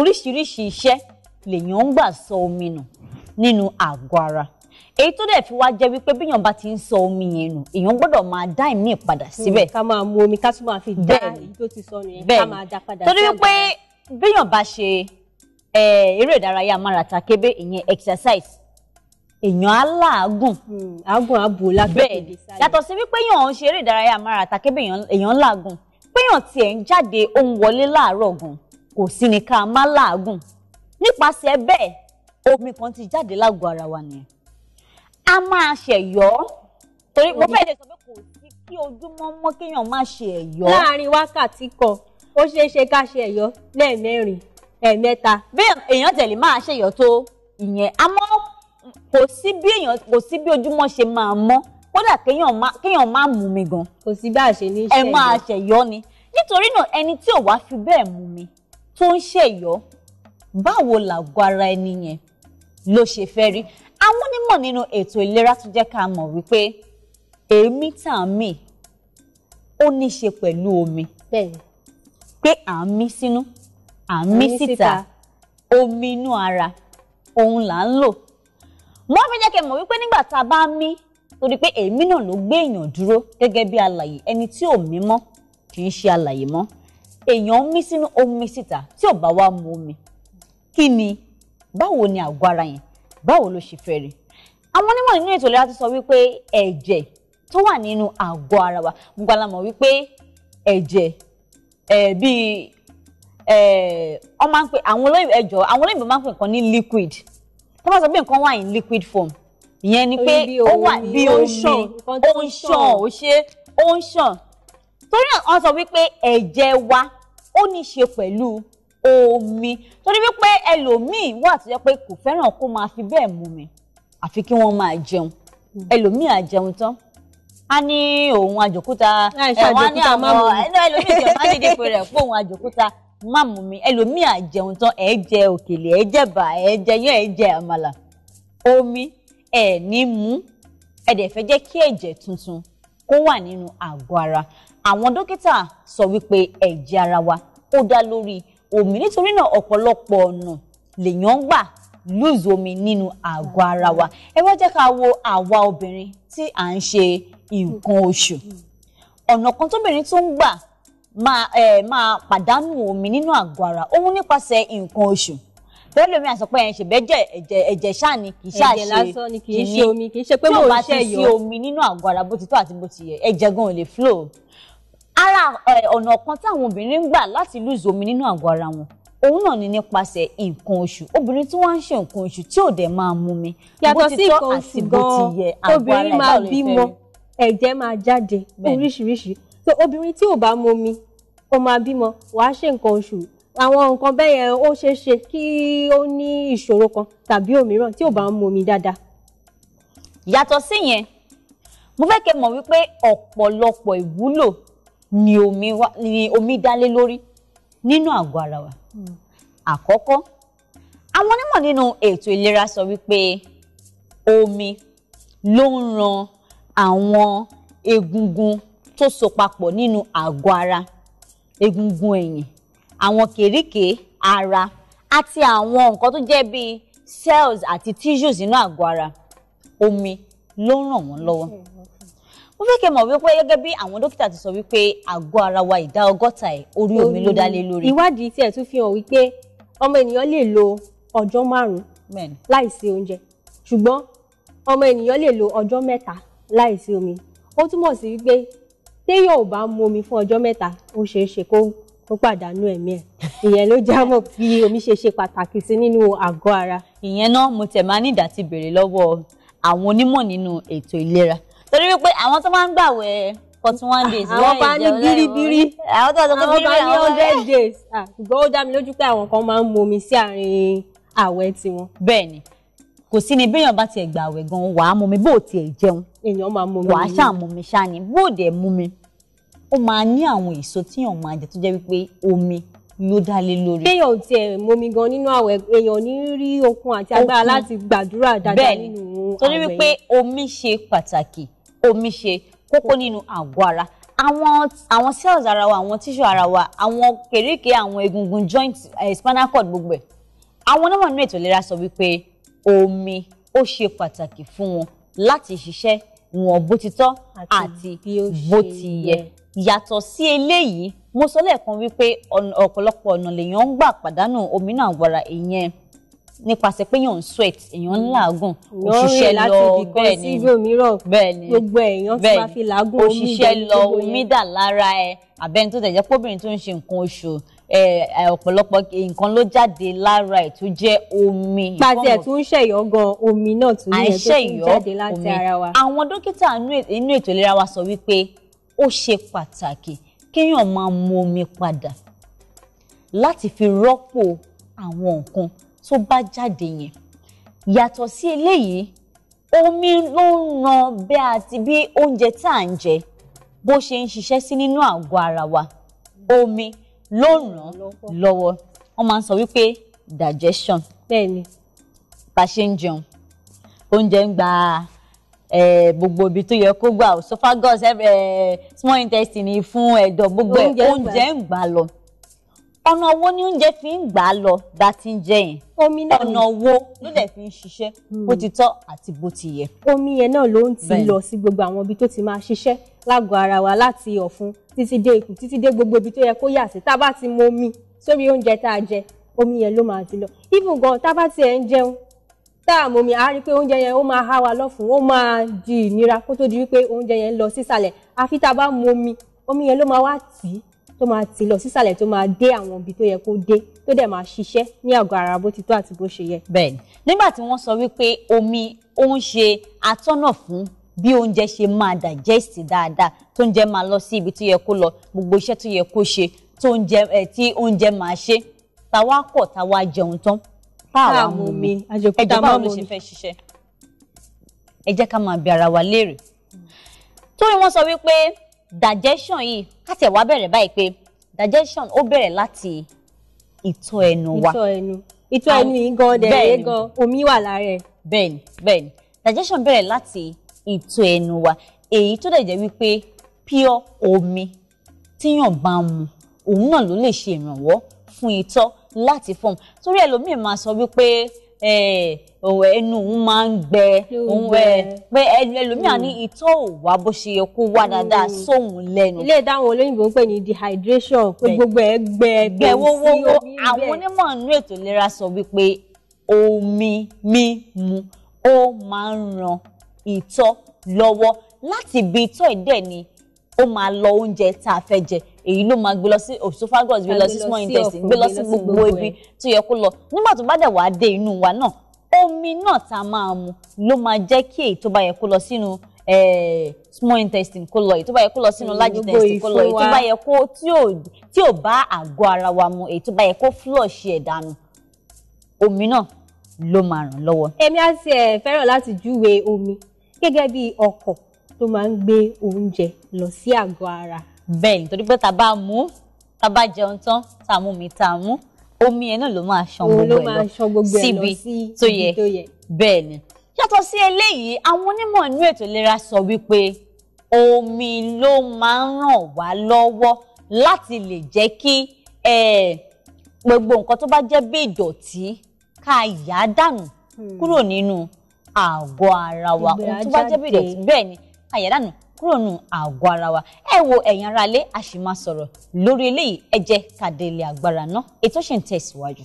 oríṣiríṣi iṣẹ́ lèèyàn ń gbà sọ omi nù nínú àgọ́ ara èyí tó dẹ̀ fi wá jẹ́ wípé bíyàn bá ti ń sọ omi yẹn nù èèyàn gbọ́dọ̀ máa dá ìmí padà hmm, síbẹ̀. ká máa mu omi ká tún máa fi dá èyí tó ti sọnù yẹn ká máa dá padà sí torí wípé bíyàn bá ṣe eré ìdárayá amárata kébé ìyẹn exercise èèyàn á làágùn. Hmm, àágùn àbò lágbègbè sáré. yàtọ̀ sí wípé èèyàn ń ṣe eré ìdárayá amárata kébé èèyàn làágùn péyàn tiẹ̀ ń jáde ó ń wọlé láàárọ̀ gan-an kò sí ní ká má làágùn nípasẹ̀ bẹ́ẹ̀ omi kan ti jáde lágọ̀ ara wa nìyẹn a máa ṣẹ̀yọ́ torí mo fẹ́ lè sọ pé kò sí kí ojúmọ́ mọ́ kéèyàn má ṣe ẹ̀yọ́. láàárín wákàtí kan ó ṣeé ṣe ká ṣe ẹ̀yọ́ lẹ́ẹ̀mẹ́rin ẹ̀ẹ̀mẹ́ta. bí èèyàn tẹ̀lé máa ṣèyọ́ tó ìyẹn àmọ́ kò sí bí èèyàn kò sí bí ojúmọ́ ṣe máa mọ́ kódà kéèyàn má mú mi gan. kò sí bá a ṣe ní ṣẹ̀yọ́ ẹ máa ṣẹ̀yọ́ ni nítorí náà ẹni tí ò wá fi bẹ́ẹ̀ mú mi tó ń ṣẹ̀yọ́ báwo làgọ́ ara ẹni yẹn ló ṣe fẹ́ rí àwọn onímọ̀ nínú ètò ìlera tún jẹ́ ká mọ̀ wípé èémí tá a ń mì ó ní í ṣe pẹ̀lú omi pé à ń mí sínú à ń mí síta omi inú ara òun là ń lò wọ́n fi jẹ́ kẹ́ mọ̀ wípé nígbà tá a bá mí torí pé èémí náà ló gbé èèyàn dúró gẹ́gẹ́ bí alààyè ẹni tí ò mí mọ́ kì í ṣe alààyè mọ́ èèyàn mí sínú omi síta tí ò bá wá mu omi kí ni báwo ni àgọ́ ara yẹn báwo ló ṣe fẹ́ rí àwọn onímọ̀ nínú ètò ìlera ti sọ wípé ẹ̀jẹ̀ tó wà nínú àgọ́ ara wa gbogbo la mọ̀ wípé ẹ̀jẹ̀ bíi wọ́n máa ń pè àwọn olóyìnbó ẹ̀jọ̀ àwọn olóyìnbó máa ń pè nǹkan ní liquid tó bá sọ pé nǹkan wà ní liquid form ìyẹn ni pé ó wà bí ó ń ṣàn ó ń ṣàn ó ṣe ó ń ṣàn torí àwọn sọ wípé ẹ̀jẹ̀ wa ó ní í ṣe pẹ̀lú omi torí wípé ẹlòmíì wà tó jẹ́ pé kò fẹ́ràn kó máa fi bẹ́ẹ̀ mu mi àfi kí wọ́n máa jẹun ẹlòmíì á jẹun tán a ní òun àjòkúta ẹ̀wọ̀n ní àwọn ẹlòmíì jẹun má dédé pé rẹ̀ pé òun àjòkúta má mu mi ẹlòmíì á jẹun tán ẹ̀ jẹ òkèlè ẹ̀ jẹ bà ẹ̀ jẹ yán ẹ̀ jẹ àmàlà omi ẹ̀ ní mú ẹ̀ dẹ̀ fẹ́ jẹ́ kí ẹ̀jẹ̀ tuntun kó wà nínú àgọ́ ara àwọn dókítà sọ wípé ẹ̀jẹ̀ ara wa ó dá lórí omi nítorí náà ọ̀pọ̀lọpọ̀ ọ̀nà lèèyàn ń gbà lose omi nínú àgọ́ ara wa ẹ wá jẹ́ ká wo àwa obìnrin tí à ń ṣe nǹkan oṣù ọ̀nà kan tóbìnrin tó ń gbà máa máa pàdánù omi nínú àgọ́ ara òun nípasẹ̀ nǹkan oṣù pẹ̀lú omi àsọpẹ́ yẹn ṣèbẹ́jẹ̀ ẹ̀jẹ̀ ṣáà ni kì í ṣáà ṣe ẹ̀jẹ̀ tí o bá ti sí omi nínú àgọ́ ara bó ti tó àti bó ti yẹ ẹ̀jẹ̀ gan ò lè flow ara eh, ọ̀nà kan táwọn obìnrin ń gbà láti lose omi nínú àgọ́ ara wọn òun náà ni nípasẹ̀ nǹkan oṣù obìnrin tí wọ́n ń ṣe nǹkan oṣù tí ò dẹ̀ máa mú mi yàtọ̀ sí nǹkan oṣù gan-an obìnrin máa bímọ ẹ̀jẹ̀ máa jáde oríṣiríṣi so obìnrin tí ò bá mú mi ó máa bímọ wàá ṣe nǹkan oṣù àwọn nǹkan bẹ́ẹ̀ yẹn ó ṣeé ṣe kí ó ní ìṣòro kan tàbí òmíràn tí ò bá ń mú mi dáadáa. yàtọ̀ síyẹn mo fẹ́ kẹ́ mọ̀ wípé ọ̀pọ̀lọpọ̀ ìwúlò ni omi wa ni omi dálé lórí nínú àgọ́ ara wa hmm. àkọ́kọ́ àwọn onímọ̀ nínú ètò ìlera sọ wípé omi ló ń ran àwọn egungun tó so papọ̀ nínú àgọ́ ara egungun ẹ̀yìn àwọn kèrékèé ara àti àwọn nǹkan tó jẹ́ bíi cells àti tissues nínú àgọ́ ara omi ló ń ràn wọ́n lọ́wọ́. Hmm mo fẹ́ kẹ́ mọ̀ wípé gẹ́gẹ́ bí àwọn dókítà ti sọ wípé àgọ́ ara wa ìdá ọgọ́ta ẹ̀ orí omi ló dá lé lórí. ìwádìí tiẹ̀ tún fi hàn wípé ọmọ ènìyàn lè lo ọjọ́ márùn-ún láìsí oúnjẹ ṣùgbọ́n ọmọ ènìyàn lè lo ọjọ́ mẹ́ta láìsí omi ó túmọ̀ sí wípé téèyàn ò bá mu omi fún ọjọ́ mẹ́ta ó ṣeé ṣe kó ó pàdánù ẹ̀mí ẹ̀ ìyẹn ló já mọ̀ bí omi ṣe ṣe pàtàkì sí nínú àgọ́ ara. ìyẹn náà mo tẹ̀ máa ní ìdá ti lọ́wọ́ àwọn onímọ̀ nínú ètò ìlera torí wípé àwọn tó máa ń gbàwẹ̀ forty one ah, days lẹ́yìn ìjẹun àwọn bá ní bíríbírí àwọn tó bá ní hundred days ah, ṣùgbọ́n ó dá mi lójú pé àwọn kan máa ń mu omi sí àárín àwẹ̀ tiwọn. bẹ́ẹ̀ni kò sí ni béèyàn bá tiẹ̀ gbàwẹ̀ gan wàá mu mi bó tiẹ̀ jẹun èèyàn máa mu mi wàá ṣáà mu mi ṣáà ni bó dẹ̀ mu mi ó máa ní àwọn èso tíyàn máa jẹ tó jẹ́ wípé omi ló dá lé lórí. kéèyàn ò tiẹ̀ momi gan nínú àwẹ̀ èèyàn ní rí okun àti agbára láti gbàdúrà dáadáa nínú àwẹ̀. bẹ́ẹ̀ni torí wípé omi ṣe pàtàkì omi ṣe kókó nínú àgọ́ ara àwọn àwọn cells ara wa àwọn tissue ara wa àwọn kèrékè àwọn egungun joint eh, spinal cord gbogbo ẹ̀ àwọn náà nínú ètò ìlera sọ wípé omi ó ṣe pàtàkì fún wọn láti ṣiṣẹ́ wọn bó ti tọ́ àti bó ti yẹ yàtọ̀ sí eléyìí mo sọ lẹ́ẹ̀kan wípé ọ̀pọ̀lọpọ̀ ọ̀nà lèèyàn ń gbà pàdánù omi náà gbọ́ra ìyẹn nípasẹ̀ pé èèyàn ń sweat èèyàn ń làágùn mm. òṣìṣẹ́ lọ bẹ́ẹ̀ ni bẹ́ẹ̀ ni gbogbo èèyàn tí wàá fi làágùn omi òṣìṣẹ́ lọ omi dà lára ẹ àbẹ́ni tó tẹ̀jẹ́ pọ́bìnrin tó ń ṣe nǹkan oṣù ọ̀pọ̀lọpọ̀ nǹkan ló jáde lára ẹ̀ tó jẹ́ omi. pàṣẹ tó ń ṣẹ̀yọ́ gan omi náà tó ní ẹ̀ tó ń jáde láti ara wa. àwọn dókítà inú ètò ìlera wa sọ wípé ó ṣe pàtàkì kéèyàn máa mu omi padà láti fi rọ́pò àwọn nǹkan tó bá jáde yẹn yàtọ̀ sí eléyìí omi ló ń ran bí àti bí oúnjẹ tá à ń jẹ bó ṣe ń ṣiṣẹ́ sí nínú àgọ́ ara wa omi ló ràn lọ́wọ́ wọ́n máa ń sọ wípé digestion bẹ́ẹ̀ni bá ṣe ń jẹun oúnjẹ ń gba gbogbo ibi tó yẹ kó gbà esophagus small intestine fún ẹ̀dọ̀ gbogbo oúnjẹ ń gbà lọ ọ̀nà wo ni oúnjẹ fi ń gbà á lọ bá ti ń jẹ yẹn omi náà ọ̀nà wo hmm. ló dẹ̀ fi ń ṣiṣẹ́ hmm. bó ti tọ́ àti bó ti yẹ. omi yẹn náà ló ń ti lọ sí gbogbo àwọn ibi tó ti máa ṣiṣẹ́ lágọ̀ọ́ ara wa láti ọ̀fun títí dé ikùn títí dé gbogbo ibi tó yẹ kó yà sí tá a bá ti mu omi sórí oúnjẹ tá a jẹ omi yẹn ló máa ti lọ even gan tá a bá ti ẹ̀ ń jẹun tá a mọ̀ mi á rí i pé oúnjẹ yẹn ó máa há wa lọ́fun ó máa di ìnira kó tó di wípé oúnjẹ yẹn lọ sísàlẹ̀ àfi tá a bá mu omi omi yẹn ló máa wá tì í tó máa tì lọ sísàlẹ̀ tó máa dé àwọn ibi tó yẹ kó dé tó dẹ̀ máa ṣiṣẹ́ ní àgọ́ ara bó ti tó àti bó ṣe yẹ. bẹ́ẹ̀ni nígbà tí wọ́n sọ wípé omi ó ń ṣe atọ́nà fún bí oúnjẹ ṣe máa digest dáadáa tó ń jẹ máa lọ sí ibi tó yẹ kó lọ gbogbo iṣẹ́ tó yẹ kó ṣe tó ń jẹ ẹ tí oúnjẹ máa ṣe táwa kọ̀ táwa jẹun tán táwa mú mi ẹjọ báwo ló ṣe fẹ́ ṣiṣẹ́ ẹ jẹ́ ká máa bi ara wa léèrè torí wọ́n sọ wípé digestion yìí ká tiẹ̀ wá bẹ̀rẹ̀ báyìí pé digestion ó bẹ̀rẹ̀ láti ìtọ́ ẹnu wa ìtọ́ ẹnu ìtọ́ ẹnu yìí gan dẹ̀rẹ̀ gan omi wà lára ẹ̀. bẹ́ẹ̀ni bẹ́ẹ̀ni digestion bẹ̀rẹ̀ láti ìtọ́ ẹnu wa èyí tó dẹ̀ jẹ́ wípé pure omi tíyàn bá mu òun náà ló lè ṣe ìrànwọ́ fún ìtọ́ láti form torí ẹlòmíì máa sọ wípé òun ẹnu òun máa ń gbẹ òun ẹ eh, pé ẹlòmíà mm. ní ìtọ́ ò wá bó ṣe yẹ kó wá dáadáa mm. sóhun lẹ́nu. ilé ìdáhùn olóyìnbó ń pè ní dehydration pé gbogbo ẹ gbẹ gbẹ wọ́wọ́ àwọn onímọ̀ nínú ètò ìlera sọ wípé omi mímu ó máa ń ran ìtọ́ lọ́wọ́ láti ibi ìtọ́ ìdẹ̀ ni ó máa lọ oúnjẹ tá a fẹ́ jẹ èyí ló máa gbé lọ sí esophagus gbé lọ sí small intestine gbé lọ sí gbogbo ibi tó yẹ kó lọ nígbà tó bá dẹ̀ wá dé inú wa náà omi náà tá a máa mu ló máa jẹ́ kí èyí tó bá yẹ kó lọ sínú eh, small intestine kó lọ èyí tó bá yẹ kó lọ sínú mm, large intestine kó lọ èyí tó bá yẹ kó tí ò bá àgọ́ ara wa mu èyí tó bá yẹ kó flush ẹ̀ dànù omi náà ló máa ràn lọ́wọ́. èmi á ti ẹ̀ eh, fẹ́ràn láti júwe omi gẹ́gẹ́ bí ọkọ̀ tó máa ń gbé oúnjẹ lọ sí àgọ́ ara bẹ́ẹ̀ nítorí pé tá a bá mú tá a bá jẹun tán tá a mú mi tá a mú omi yẹn náà ló máa ṣan gbogbo ẹ̀ lọ síbi tó yẹ bẹ́ẹ̀ ni yàtọ̀ sí eléyìí àwọn onímọ̀ inú ètò ìlera sọ wípé omi ló máa ń ràn wá lọ́wọ́ láti lè jẹ́ kí gbogbo nǹkan tó bá jẹ́ bí ìdọ̀tí ká yà á dànù hmm. kúrò nínú àgọ́ ara wa ohun tó bá jẹ́ bí ìdọ̀tí bẹ́ẹ̀ ni ká yà á dànù kúrò nù àgọ́ ara wa ẹ wo ẹ̀yin aráalé a sì máa sọ̀rọ̀ lórí eléyìí ẹ jẹ́ ká délé náà ètò ṣì ń tẹ̀síwájú.